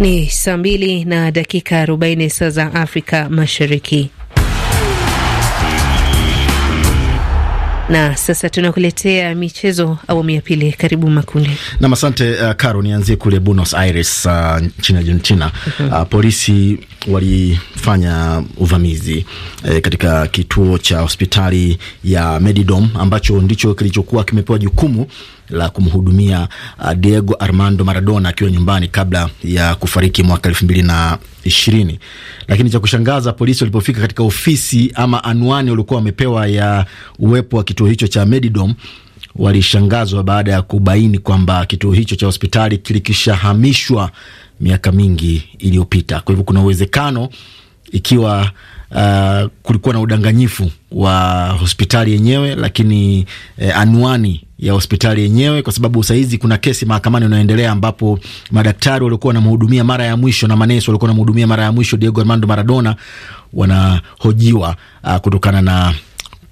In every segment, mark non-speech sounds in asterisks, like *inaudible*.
Ni saa mbili na dakika arobaini saa za Afrika Mashariki. Na sasa tunakuletea michezo awamu ya pili. Karibu Makundi nam. Asante uh, Karo. Nianzie kule Buenos Aires uh, nchini Argentina. uh mhm. -huh. Uh, polisi walifanya uvamizi eh, katika kituo cha hospitali ya Medidom ambacho ndicho kilichokuwa kimepewa jukumu la kumhudumia uh, Diego Armando Maradona akiwa nyumbani kabla ya kufariki mwaka elfu mbili na ishirini. Lakini cha kushangaza, polisi walipofika katika ofisi ama anwani waliokuwa wamepewa ya uwepo wa kituo hicho cha Medidom walishangazwa baada ya kubaini kwamba kituo hicho cha hospitali kilikishahamishwa miaka mingi iliyopita. Kwa hivyo kuna uwezekano ikiwa uh, kulikuwa na udanganyifu wa hospitali yenyewe, lakini eh, anwani ya hospitali yenyewe, kwa sababu saizi kuna kesi mahakamani unaendelea, ambapo madaktari waliokuwa wanamhudumia mara ya mwisho na manesi waliokuwa wanamhudumia mara ya mwisho Diego Armando Maradona wanahojiwa uh, kutokana na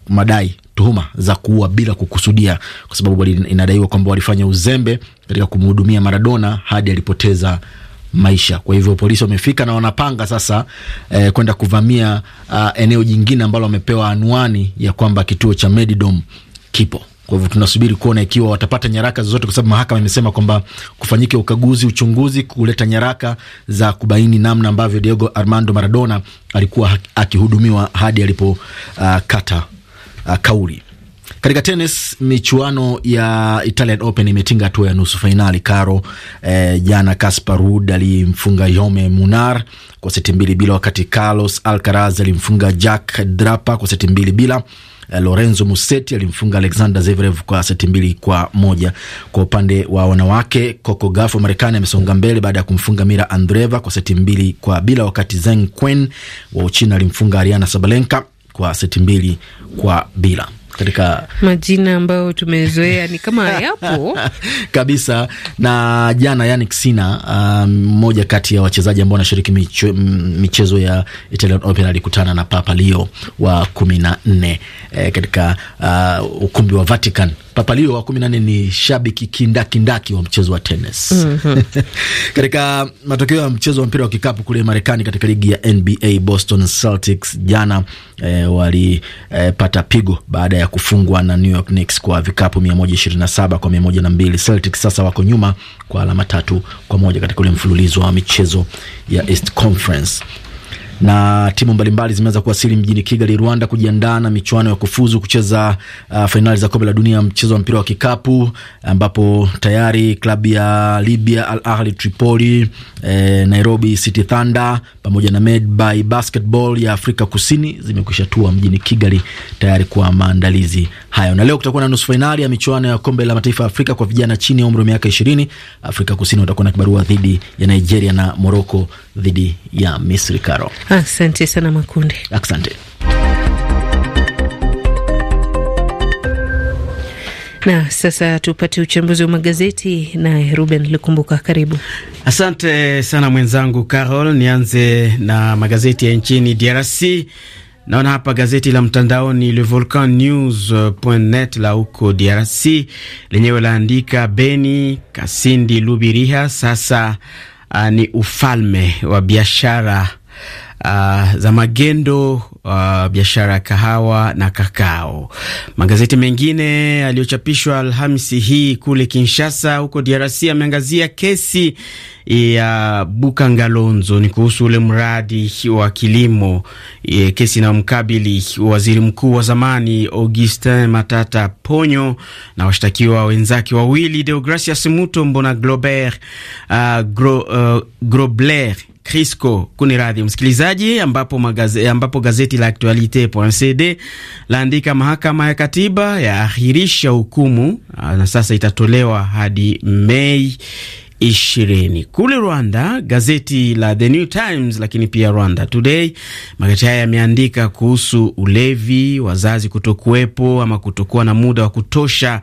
madai tuhuma za kuua bila kukusudia, kwa sababu inadaiwa kwamba walifanya uzembe katika kumhudumia Maradona hadi alipoteza maisha. Kwa hivyo polisi wamefika na wanapanga sasa eh, kwenda kuvamia uh, eneo jingine ambalo wamepewa anwani ya kwamba kituo cha Medidom kipo. Kwa hivyo tunasubiri kuona ikiwa watapata nyaraka zozote, kwa sababu mahakama imesema kwamba kufanyike ukaguzi, uchunguzi, kuleta nyaraka za kubaini namna ambavyo Diego Armando Maradona alikuwa akihudumiwa hadi alipokata ah, uh, ah, uh, kauli. Katika tenis, michuano ya Italian Open imetinga hatua ya nusu fainali karo. Eh, jana Kaspar Ruud alimfunga Yome Munar kwa seti mbili bila, wakati Carlos Alcaraz alimfunga Jack Draper kwa seti mbili bila. Eh, Lorenzo Musetti alimfunga Alexander Zverev kwa seti mbili kwa moja. Kwa upande wa wanawake, Coco Gauff wa Marekani amesonga mbele baada ya kumfunga Mira Andreeva kwa seti mbili kwa bila, wakati Zheng Qin wa Uchina alimfunga Ariana Sabalenka kwa seti mbili kwa bila katika majina ambayo tumezoea ni kama *laughs* yapo kabisa. Na jana yani Sinner um, mmoja um, kati ya wachezaji ambao wanashiriki michezo ya Italian Open alikutana na Papa Leo wa kumi na nne eh, katika uh, ukumbi wa Vatican. Papa Leo wa kumi na nne ni shabiki kindakindaki wa mchezo wa tenis. mm -hmm. *laughs* Katika matokeo ya mchezo wa mpira wa kikapu kule Marekani, katika ligi ya NBA Boston Celtics jana eh, walipata eh, pigo baada ya ya kufungwa na New York Knicks kwa vikapu 127 kwa 102. Celtics sasa wako nyuma kwa alama tatu kwa moja katika ule mfululizo wa michezo ya East Conference na timu mbalimbali zimeanza kuwasili mjini Kigali, Rwanda, kujiandaa na michuano ya kufuzu kucheza uh, fainali za kombe la dunia mchezo wa mpira wa kikapu, ambapo tayari klabu ya Libya Al Ahli Tripoli, eh, Nairobi City Thunder pamoja na by Basketball ya Afrika Kusini zimekwisha tua mjini Kigali tayari kwa maandalizi hayo. Na leo kutakuwa na nusu fainali ya michuano ya kombe la mataifa ya Afrika kwa vijana chini ya umri wa miaka ishirini. Afrika Kusini watakuwa na kibarua dhidi ya Nigeria na Moroko dhidi ya Misri. Karo, asante sana Makunde, asante. Na sasa tupate uchambuzi wa magazeti naye Ruben Lukumbuka, karibu. Asante sana mwenzangu Carol, nianze na magazeti ya nchini DRC. Naona hapa gazeti la mtandaoni Le Volcan News net la huko DRC lenyewe laandika Beni, Kasindi, Lubiriha sasa uh, ni ufalme wa biashara uh, za magendo uh, biashara ya kahawa na kakao. Magazeti mengine yaliyochapishwa Alhamisi hii kule Kinshasa huko DRC ameangazia kesi ya Bukangalonzo, ni kuhusu ule mradi wa kilimo e, kesi inayomkabili waziri mkuu wa zamani Augustin Matata Ponyo na washtakiwa wenzake wawili Deogracias Mutombo na Globert uh, Gro, uh, Grobler Crisco radhi msikilizaji, ambapo, magaze, ambapo gazeti la Actualite.cd laandika mahakama ya katiba yaahirisha hukumu ah, na sasa itatolewa hadi Mei ishirini. Kule Rwanda, gazeti la The New Times lakini pia Rwanda Today, magazeti haya yameandika kuhusu ulevi, wazazi kutokuwepo ama kutokuwa na muda wa kutosha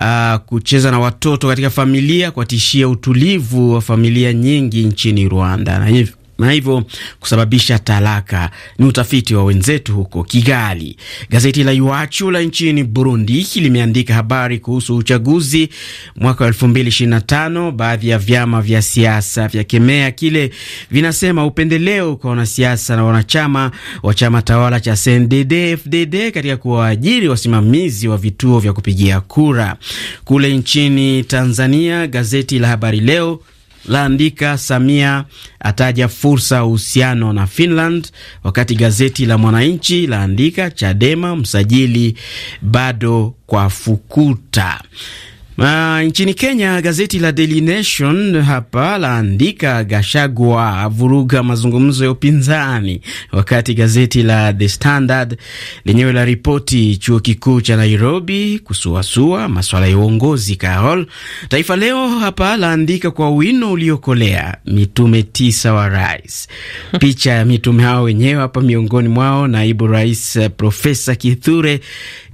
uh, kucheza na watoto katika familia, kuwatishia utulivu wa familia nyingi nchini Rwanda na hivyo na hivyo kusababisha talaka. Ni utafiti wa wenzetu huko Kigali. Gazeti la Iwachu la nchini Burundi limeandika habari kuhusu uchaguzi mwaka wa 2025. Baadhi ya vyama vya siasa vya kemea kile vinasema upendeleo kwa wanasiasa na wanachama wa chama tawala cha CNDD-FDD katika kuwaajiri wasimamizi wa vituo vya kupigia kura. Kule nchini Tanzania, gazeti la Habari Leo laandika Samia ataja fursa uhusiano na Finland, wakati gazeti la Mwananchi laandika Chadema msajili bado kwa fukuta nchini Kenya gazeti la Daily Nation hapa laandika Gashagwa vuruga mazungumzo ya upinzani, wakati gazeti la The Standard lenyewe la ripoti chuo kikuu cha Nairobi kusuasua maswala ya uongozi Carol. Taifa Leo hapa laandika kwa wino uliokolea mitume tisa wa rais, picha ya mitume hao wenyewe hapa, miongoni mwao naibu rais eh, Profesa Kithure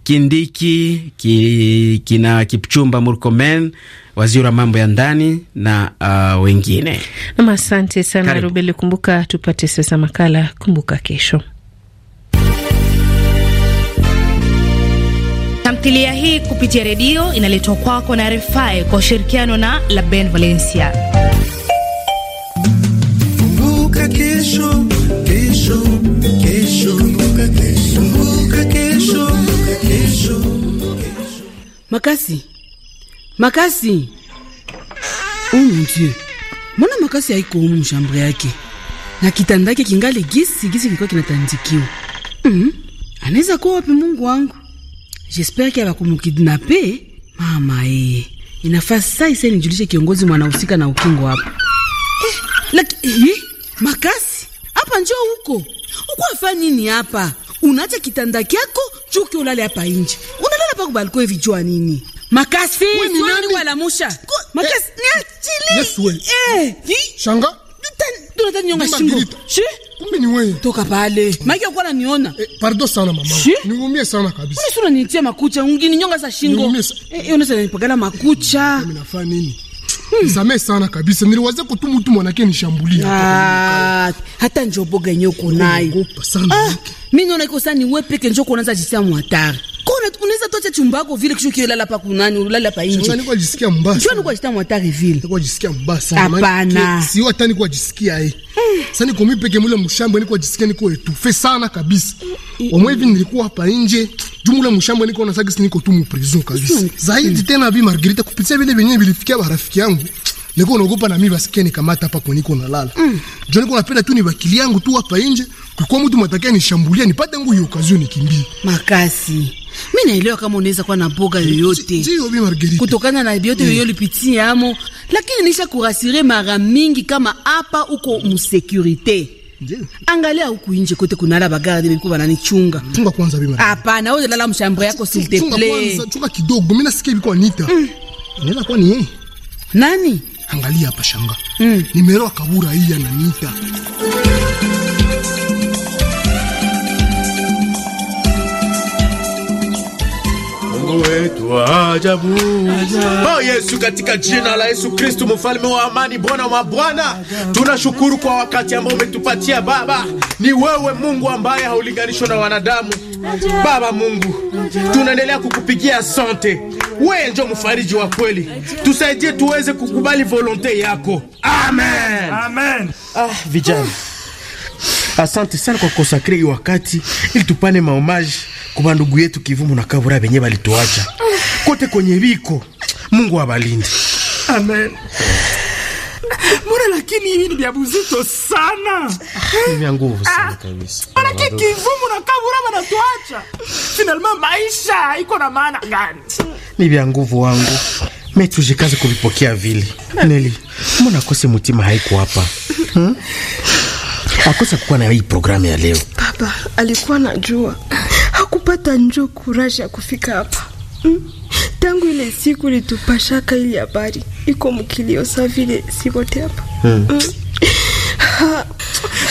Kindiki ki, kina Kipchumba Murkomen, waziri wa mambo ya ndani na uh, wengine nam. Asante sana Rubeli. Kumbuka tupate sasa makala Kumbuka Kesho. Tamthilia hii kupitia redio inaletwa kwako na Refai kwa ushirikiano na Laben Valencia. Kumbuka Kesho. makasi makasi oh mon dieu mwana makasi haikomo mushambre yake na kitanda yake kingale gisi gisi kilikuwa kinatandikiwa mm -hmm. anaweza kuwa wapi mungu wangu jespere ke abakumukidnape mama ee inafaa saa isa nijulishe kiongozi mwanahusika na ukingo hapo eh, eh, makasi hapa njo huko uko afanya nini hapa unaacha kitanda kyako chuki ulale hapa nje hapa kubalikuwa vichwa nini? Makasi wewe ni nani wala musha? Makasi eh, ni achili. Eh. Shanga. Tunataka nyonga shingo. Shi? Kumbe ni wewe. Toka pale. Eh. Maiki kwa niona. Eh, pardon sana mama. Niumie sana kabisa. Mimi sura nitie makucha, ungininyonga sa shingo. Niumie. Eh, unaweza nipagala makucha. Mimi nafanya nini? Hmm. sana kabisa, niliwaza kutumu mtu mwanake nishambulia. Ah, hata njoboga yenyewe uko nayo. Ah, mimi naona iko sana ni wewe peke njoo kuanza jisia mwatari unaweza tocha chumba yako vile kisha ukilala pa kunani ulala pa nje. Nilikuwa jisikia mbaya. Njoo nilikuwa jisikia mwatari vile. Nilikuwa jisikia mbaya sana. Hapana. Si hata nilikuwa jisikia eh. Sasa niko mimi peke mule mshamba nilikuwa jisikia niko etufe sana kabisa. Kwa mwevi nilikuwa hapa nje. Jumla mshamba niko na sagisi niko tu mprison kabisa. Zaidi tena bi Margarita kupitia vile vyenyewe vilifikia marafiki yangu. Niko naogopa na mimi basikia nikamata hapa kweniko nalala. Njoo niko mm. napenda tu nibakili yangu tu hapa nje. Kwa mtu mtakia nishambulia nipate nguvu hiyo kazi nikimbie. Makasi. Mimi naelewa kama unaweza kuwa na boga eh, yoyote kutokana na yoyote mm. yolipitia amo, lakini nisha kurasire mara mingi kama hapa uko msekurite Angalia huku nje kote kunala bagarde biliko bananichunga. Chunga mm. Chunga kwanza bima. Hapana, wewe lala mshambre yako s'il te plaît. Chunga kwanza, chunga kidogo. Mimi nasikia biko anita. Mm. Inaweza kuwa ni yeye. Nani? Angalia hapa shanga. Mm. Nimero akabura hii ananiita. Mungu wetu ajabu. Oh Yesu, katika jina la Yesu Kristu, mfalme wa amani, Bwana wa bwana, tunashukuru kwa wakati ambao umetupatia Baba. Ni wewe Mungu ambaye haulinganishwa na wanadamu. Baba Mungu, tunaendelea kukupigia asante. Wewe ndio mfariji wa kweli, tusaidie tuweze kukubali volonte yako. Amen, amen. Ah, vijana, asante sana kwa kukosakria wakati ili tupane maomaji kuba ndugu yetu Kivumu na Kabura benye balituacha kote kwenye viko. Mungu abalinde, amen. Mbona lakini hivi ni vya buzito sana, ni vya nguvu sana ah, kabisa. ki Kivumu na Kabura banatuacha finalma, maisha iko na maana gani? Ni vya nguvu wangu metujikaze kuvipokea vile. Neli, mbona kose mutima haiko hapa hmm? Akosa kukuwa na hii programu ya leo. Baba alikuwa najua hakupata njo kuraja ya kufika hapa mm. Tangu ile siku litupashaka ili habari iko mkilio saa vile sikote hapa mm.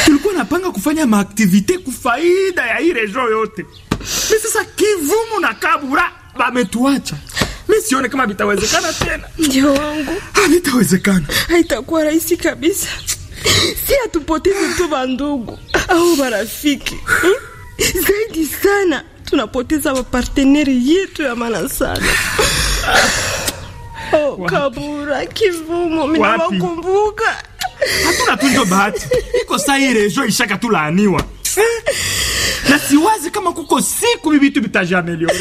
tulikuwa napanga kufanya maaktivite kufaida ya hii rejo yote, mi sasa Kivumu na Kabura bametuacha. Mi sione kama vitawezekana tena, ndio wangu vitawezekana, haitakuwa rahisi kabisa. Si atupoteze tu vandugu au barafiki hmm? *laughs* zaidi sana tunapoteza maparteneri yetu ya maana sana. *sighs* Oh, Kabura, Kivumo, minawakumbuka. Hatuna tunjo bahati iko saa hii rejo ishaka tulaaniwa *sighs* na siwazi kama kuko siku vivitu vitajameliore.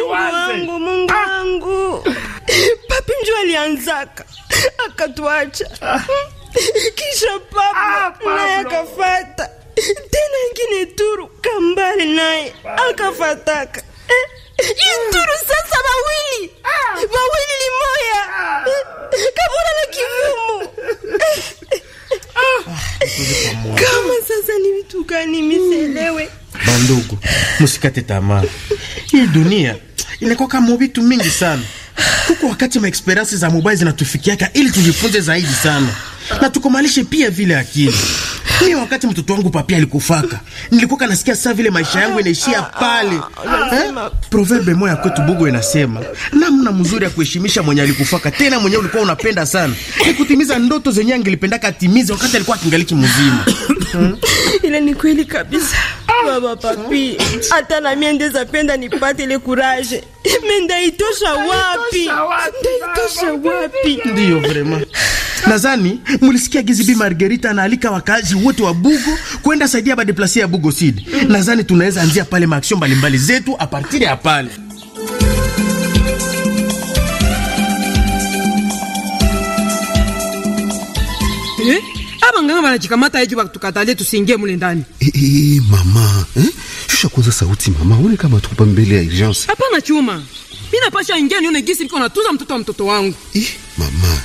Mungu wangu, Mungu ah! wangu, *sighs* papi njo alianzaka akatuacha, ah! kisha papa ah, naye akafata *laughs* tena ingine turu kambali naye akafataka eh, ah. ituru sasa mawili ah. mawili moya ah. eh, kabona na kivumu kama sasa ni mtu gani miselewe mm. bandugu musikate tamaa hii dunia inakuwa kama mingi sana huko wakati maeksperiensi za mobile zinatufikiaka ili tujifunze zaidi sana na tukomalishe pia vile akili hiyo wakati mtoto wangu papia alikufaka, nilikuwa kanasikia saa vile maisha yangu inaishia pale. Ah, eh? Ah, ah. Proverbe moja kwetu Bugo inasema namna mzuri ya kuheshimisha mwenye alikufaka, tena mwenye ulikuwa unapenda sana, ni kutimiza ndoto zenye angelipendaka atimize wakati alikuwa akingaliki mzima. *coughs* Ile ni kweli kabisa. Baba papi, hata na mimi ndeza penda nipate ile courage. Mimi ndaitosha wapi? Ndaitosha wapi? Ndio vraiment. nazani mulisikia gizibi bi Margarita anaalika wakazi wote wa Bugo kwenda saidia ba deplacer ya Bugo Sud. nazani tunaweza anzia pale maaction mbalimbali zetu a partir ya pale. wanganga wanachikamata hicho watukatalie tusiingie mule ndani. hey, eh, eh, hey, eh, mama, eh? Shusha kwanza sauti mama, uone kama tukupa mbele ya urgence. Hapana chuma. Mimi napasha ingia nione gisi niko natuza mtoto wa mtoto wangu. hey, mama.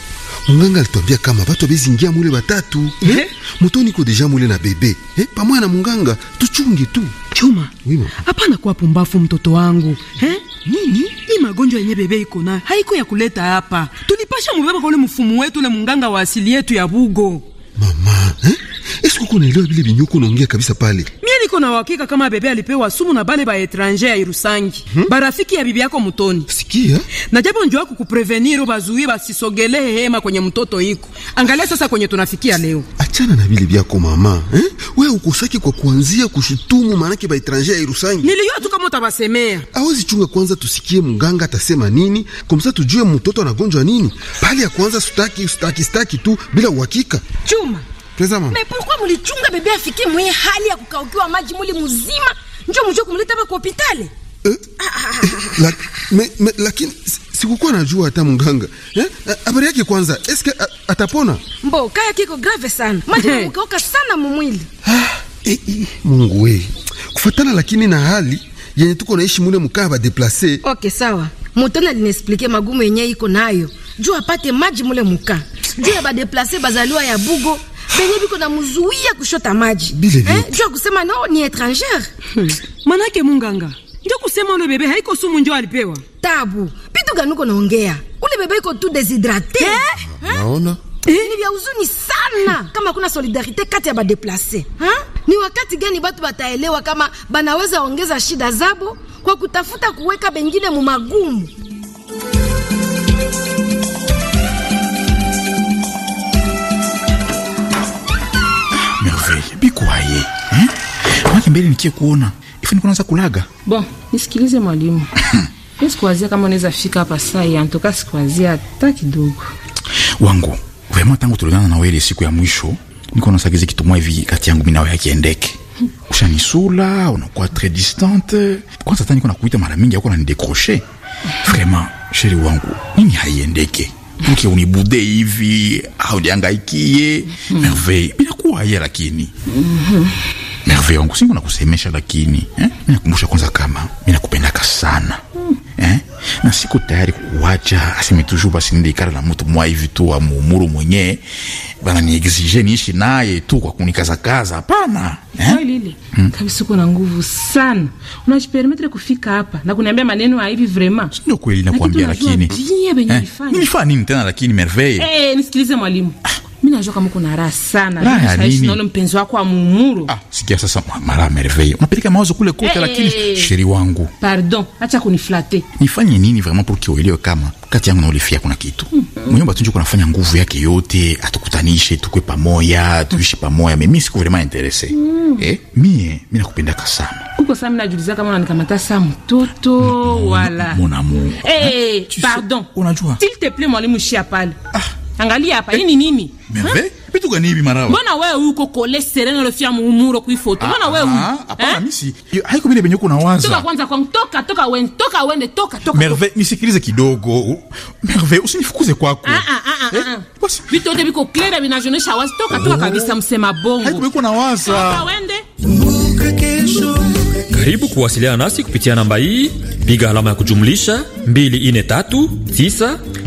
Munganga alituambia kama batu abezingia mule batatu. hey? Mtoto niko deja mule na bebe. Eh, pamoja na munganga tuchunge tu. Chuma. Oui, mama. Hapana kuwa pumbafu mtoto wangu. hey? Nini? ni magonjwa yenye bebe iko nayo haiko ya kuleta hapa. Tulipasha mubeba kwa ule mfumu wetu ule munganga wa asili yetu ya Bugo. Mama eh? Esiko uko unaelewa vile vinyuko unaongea kabisa pale niko na uhakika kama bebe alipewa sumu na bale ba etranger ya Irusangi hmm? barafiki ya bibi yako Mutoni. Sikia na japo njoo kukuprevenir bazuie basisogelee hema kwenye mtoto iko. Angalia sasa kwenye tunafikia leo, achana na vile vyako mama eh? Wewe ukosaki kwa kuanzia kushutumu maanake ba etranger ya Irusangi. Nilijua tu kama utabasemea. awezi chunga kwanza, tusikie mganga atasema nini, kumsa tujue mtoto anagonjwa nini, bali ya kwanza sutaki sutaki sutaki tu bila uhakika. Chuma Tazama. Me pourquoi mulichunga bebe afike mwenye hali ya kukaukiwa maji muli mzima? Njoo mjo kumleta hapa kwa hospitali. Eh, la, me, me, lakini sikukuwa najua hata mganga. Eh, eh? Habari yake kwanza, eske eh, atapona? Mbo, kaya kiko grave sana. Maji mukauka hmm. sana mumwili. Ah, Eh, eh, Mungu we. Kufatana lakini na hali yenye tuko naishi mule mkaa ba deplacer. Okay, sawa. Mutana linexplique magumu yenye iko nayo. Juu apate maji mule mkaa. Juu ba deplacer bazaliwa ya bugo benye viko namzuia kushota maji eh, juu kusema ni etrangere hmm. manake munganga ndio kusema ule bebe haiko sumu ndio alipewa tabu pitu ganuko naongea ule bebe iko tu deshydrate eh? eh? naona Eh? Ni vya huzuni sana kama kuna solidarite kati ya badeplase. Ni wakati gani batu bataelewa kama banaweza ongeza shida zabo kwa kutafuta kuweka bengine mumagumu? inakuwaje hmm? Mwake mbele nikie kuona ifu niko naanza kulaga. Bon, nisikilize mwalimu hmm. mimi sikuwazia kama unaweza fika hapa saa hii, antoka sikuwazia hata kidogo. Wangu vema, tangu tulionana na wewe siku ya mwisho niko nasagiza kitu moja hivi kati yangu mimi nawe yakiendeke hmm. ushanisula unakuwa tres distante. Kwanza tani niko nakuita mara mingi, hauko unanidekroche. Hmm. Vraiment, sheri wangu, nini haiendeke? mke unibude hivi hauniangaikie mm. bila kuwa lakini mm -hmm. wangu singo nakusemesha, lakini eh? Minakumbusha kwanza kama minakupendaka sana eh? na siku tayari kuwacha, aseme toujours basi nende ikara na mtu mwa hivi tu wa muumuru mwenye bana ni exige niishi naye tu kwa kaza Hapana eh? Lili hmm. Kabisa uko na nguvu sana, unajipermetre kufika hapa na kuniambia maneno hivi vraiment. Sio kweli nakwambia, lakini nilifanya nini tena? Lakini merveille, eh, nisikilize mwalimu ah, mimi najua kama kuna raha sana raha nini naona mpenzi wako amumuru ah sikia sasa mara merveille unapeleka mawazo kule kote hey, eh, eh, lakini hey, eh, sheri wangu pardon acha kuniflate. nifanye nini vraiment pour que uelewe kama kati yangu na ule fia kuna kitu mm -hmm. mwenye mbatunjo kunafanya nguvu yake yote atukutanishe tukwe pamoja tuishi pamoja mimi siku vraiment interesse mm. eh mie mimi nakupenda sana uko sana mimi najiuliza kama unanikamata saa mtoto wala mm, mwanamu. Mm, eh ah, pardon unajua s'il te plaît mwalimu shia pale ah Angalia hapa, hii ni nini? Merve? Vitu gani hivi marao Mbona wewe uko kole serena le fia muumuro kui foto? Mbona ah, wewe huko? Ah, hapana, eh? misi Haiko mimi benyo na waza. Toka kwanza kwa toka toka wende, toka wende, toka toka. Merve, nisikilize kidogo. Merve, usinifukuze kwako. Ah ah ah eh, ah. ah. Basi. Vitu vyote viko clear na vinajionesha wazi. Toka toka oh. kabisa msema bongo. Haiko mimi na waza. Toka wende. Karibu kuwasiliana nasi kupitia namba hii. Piga alama ya kujumlisha 243 9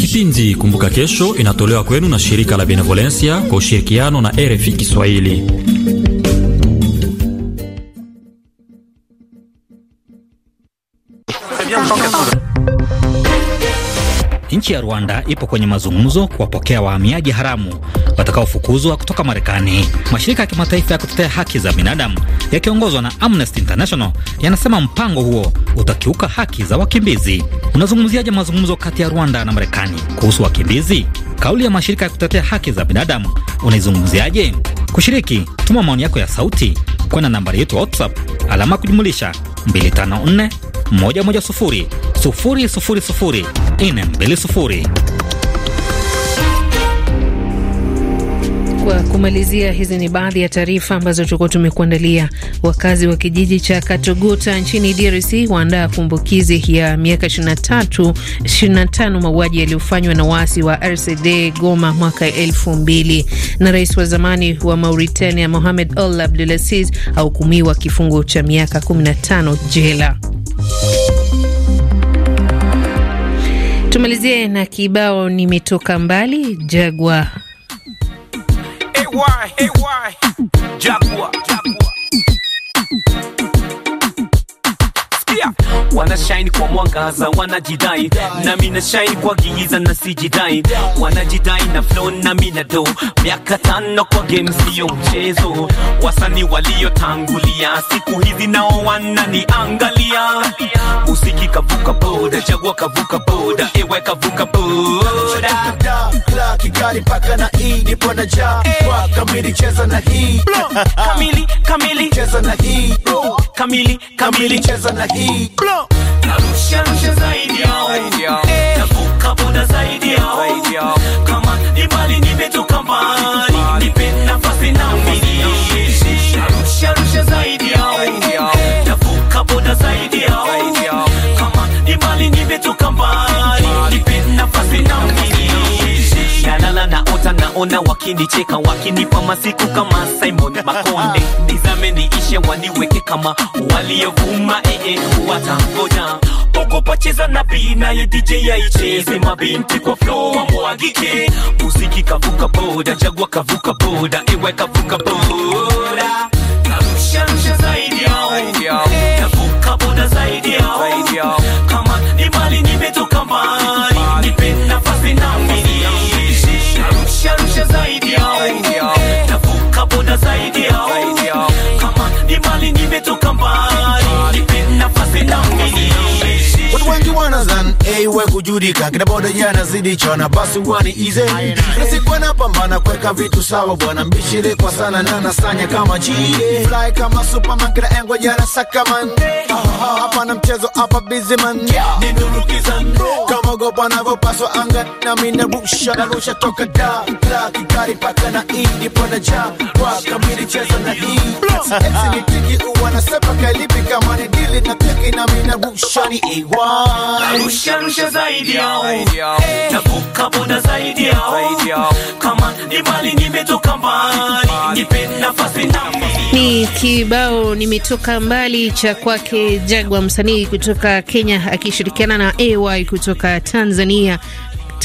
Kipindi Kumbuka Kesho inatolewa kwenu na shirika la Benevolencia kwa ushirikiano na RFI Kiswahili. Nchi ya Rwanda ipo kwenye mazungumzo kuwapokea wahamiaji haramu watakaofukuzwa kutoka Marekani. Mashirika ya kimataifa ya kutetea haki za binadamu yakiongozwa na Amnesty International yanasema mpango huo utakiuka haki za wakimbizi. Unazungumziaje mazungumzo kati ya Rwanda na Marekani kuhusu wakimbizi? Kauli ya mashirika ya kutetea haki za binadamu unaizungumziaje? Kushiriki, tuma maoni yako ya sauti kwenda nambari yetu WhatsApp alama kujumulisha 254 110 000 420. Kwa kumalizia, hizi ni baadhi ya taarifa ambazo tulikuwa tumekuandalia. Wakazi wa kijiji cha Katogota nchini DRC waandaa kumbukizi ya miaka 25 mauaji yaliyofanywa na waasi wa RCD Goma mwaka 2000. Na rais wa zamani wa Mauritania Mohamed Ould Abdelaziz ahukumiwa kifungo cha miaka 15 jela. Tumalizie na kibao nimetoka mbali Jagwa why, hey why, Jaguar. wana shine kwa mwangaza wanajidai, na shine kwa giza na sijidai, wanajidai na flow na mimi na do. Miaka tano kwa game sio mchezo, wasanii waliotangulia siku hizi nao wananiangalia, usiki kavuka boda, chagua kavuka boda, ewe kavuka boda Kigali paka na hii ndipo na ja kwa kamili cheza na hii kamili kamili cheza na hii kamili kamili cheza na hii narusha rusha zaidi yao eh, navuka boda zaidi yao kama ni mbali nimetoka mbali nipe nafasi na mimi narusha rusha zaidi yao navuka boda zaidi yao kama ni mbali nimetoka mbali naona wakinicheka wakinipa masiku kama Simon Makonde, nizame niishe, waniweke kama waliovuma. Ee, watangoja pokopocheza na bina naye DJ yaicheze, mabinti kwa flow wa wamwagike, muziki kavuka boda, jagwa kavuka boda, ewe kavuka boda, narusha narusharusha zaidi yao, kavuka boda zaidi yao, kama ni mali nimetoka mbali, nipe nafasi nami 像不像在飙？haiwe kujudika, kina boda yanazidi chona, basi wani ize nasikuwa na pambana kweka vitu sawa, bwana mbishiri kwa sana na nasanya kama chide fly kama Superman, kila engo jana man hapa na mchezo hapa busy man ninurukizan kama gopa navyopaswa anga na mine nami na narusha toka da la kikari paka na indi pona ja kwa kamili chesa na hii e. ni tiki uwa na sepa kailipi kama ni dili na tiki na mine narusha ni iwa e iwan nijishushe zaidi yao hey, navuka boda zaidi yao kama ni mbali nimetoka mbali nipe nafasi ni kibao nimetoka mbali cha kwake Jagwa, msanii kutoka Kenya akishirikiana na AY kutoka Tanzania.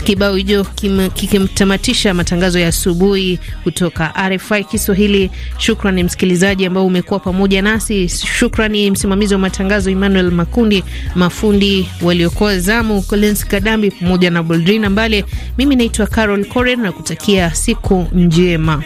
Kibao hicho kikimtamatisha matangazo ya asubuhi kutoka RFI Kiswahili. Shukrani msikilizaji ambao umekuwa pamoja nasi. Shukrani msimamizi wa matangazo Emmanuel Makundi, mafundi waliokoa zamu Collins Kadambi pamoja na Boldrina Mbale. Mimi naitwa Carol Coren na kutakia siku njema.